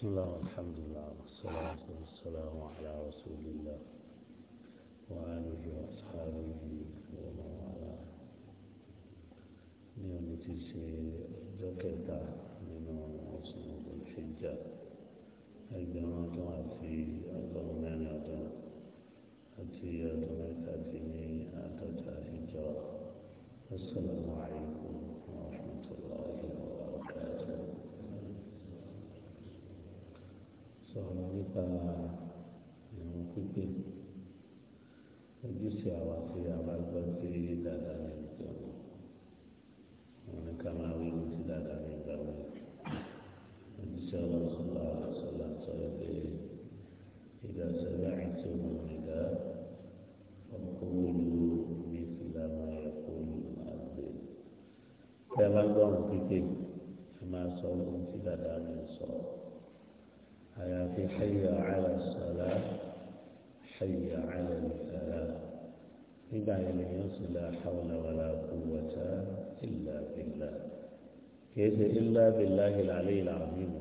بسم الله والحمد لله والصلاة والسلام على رسول الله وآله وأصحابه ومن والاه اليوم نعم، تجي ذكرت من أصول الحجة عندما تعطي nípa ìrun pípé ojúṣe àwa tí a bá gbọ́ sí dáadáa ní wọn ni ká máa wí ní ti dáadáa ní ìgbàgbọ́ ojúṣe ọlọ́run sọ́lá sọ́lá sọ́lá pé ìdá sọ́lá àti ọmọ ìdá ọkọ̀ọ́lù ní ìlànà ẹ̀kọ́lù àgbẹ̀. tẹ́ bá gbọ́ ọ̀run pípé ẹ máa sọ ohun tí dáadáa ní sọ̀rọ̀. في حي على الصلاة حي على الفلاح إذا لم يصل لا حول ولا قوة إلا بالله كيف إلا بالله العلي العظيم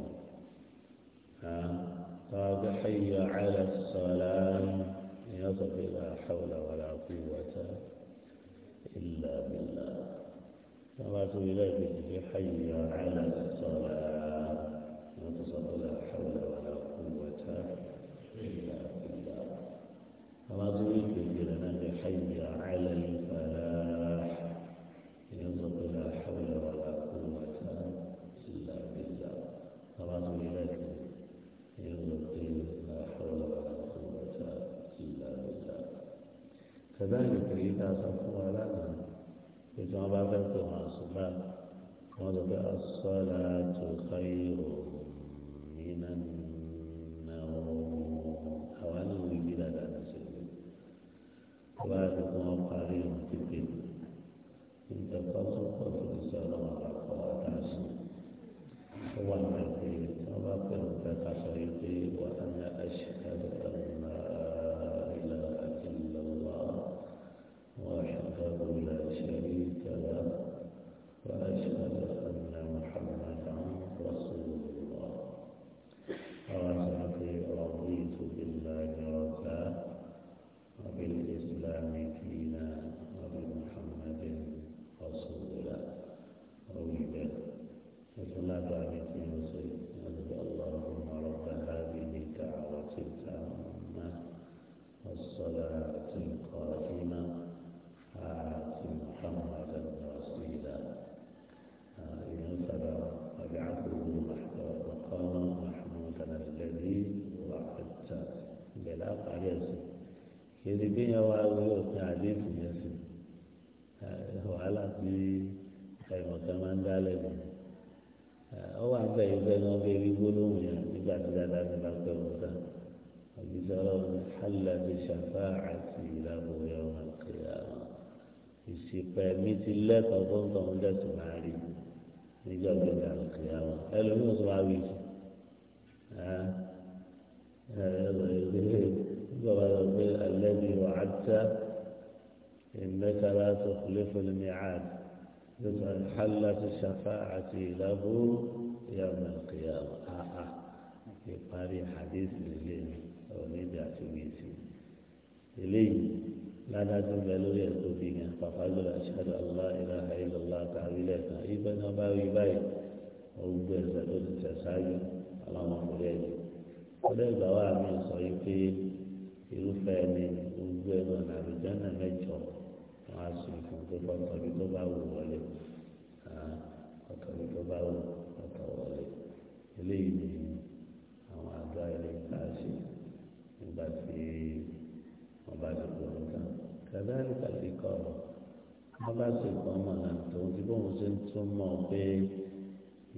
ها قال حي على الصلاة يصل لا حول ولا قوة إلا بالله فما إليك حي على الصلاة كذلك إذا صفوا لنا إذا ما بلغتم الصلاة وضع الصلاة خير من النوم صلاة قائمة آت محمدا وسيلا إن فلا وابعثه مقاما محمودا الذي وعدت بلا قريس كذبين وعيوك عليك يسن وعلى في خيمة كمان دالك ọwọ́ àgbà yìí bẹ́ẹ̀ ni wọ́n bẹ wí gbólóhùn yẹn nígbà tí dáadáa ti bá pẹ́ wọn sáà. فإذا حل بشفاعتي له يوم القيامة استقامت الله فضلت عند سماري نجاب يوم القيامة هل هو سماوي؟ ها؟ الذي وعدت إنك لا تخلف الميعاد حلت الشفاعة له يوم القيامة آه آه. في حديث لليل ọ̀nẹ́dì àti gbèsè eléyìí ládàjọ́ bẹ lórí ẹ̀ tó fi hàn pàpà gbọ́dọ̀ aṣáájú allah ilaha illallah tàbí lẹ́ẹ̀kan ibẹ̀ náà bá rí báyìí ọgbẹ́ ẹ̀sẹ̀ tó ti tẹ̀ sáájú ọlọ́mọ ọ̀rẹ́ ẹ̀ ọdẹ ìgbà wa mi sọ yìí pé irúfẹ́ ẹni gbogbo ẹ̀rọ nàìjíríà náà mẹ́jọ wọn á sùn fún pé kọ́tọ̀bí tó bá wù wọlé kọ́tọ̀bí tó bá wù kọ́tọ̀ wọlé eléyìí ni àwọn àgbà ilé ká sí nígbà tí wọ́n bá ti pọ̀ nǹkan kàdáàlì kàti kọ́ wọ́n bá ti pọ̀ ọmọ náà tòun tí bóun ṣe ń tún mọ̀ pé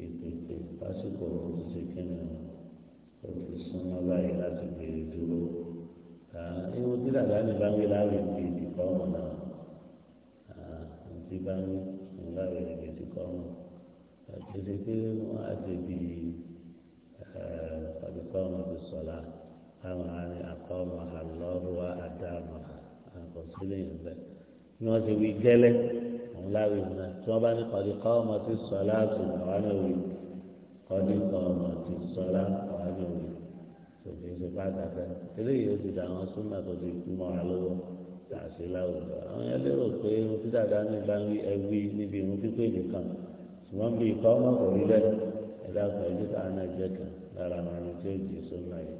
ìpèpè lásìkò òun ti ṣe kíni o ti súnmọ́ báyìí láti béèrè e dúró ìwọ tí dàda ní bá ń wí láàrin ìdí ìdìkọ́ ọmọ náà ti bá ń ńlá rẹ̀ lè ti kọ́ àti ṣe pé wọ́n á ti di àdìkọ́ wọn ti sọ̀la àwọn àárín àkọọmọ àlọrùwà àdáàmọ àkọsílẹ̀ ìrìnlẹ ni wọn ti wí gẹ́lẹ́ àwọn láwì náà tí wọn bá ní kọdí kọọmọ ti sọ láti àwọn náà wí kọdí kọọmọ ti sọ láti àwọn náà wí tòbí ṣe pàtàkì eléyìí ó ti dà wọn súnmọ́ tó ti kú mọ́ra lọ́wọ́ tàṣí láwùjọ àwọn yẹn lérò pé ohun tí dàda ní bá ẹwí níbi ìhun pípé nìkan ṣùgbọ́n bí ikọ́ ọmọkùnrin lẹ́nu ẹ̀dá kan ẹ̀dá kan náà jẹ́ kan lára àwọn ẹni tí ó jì sọ́nà yìí.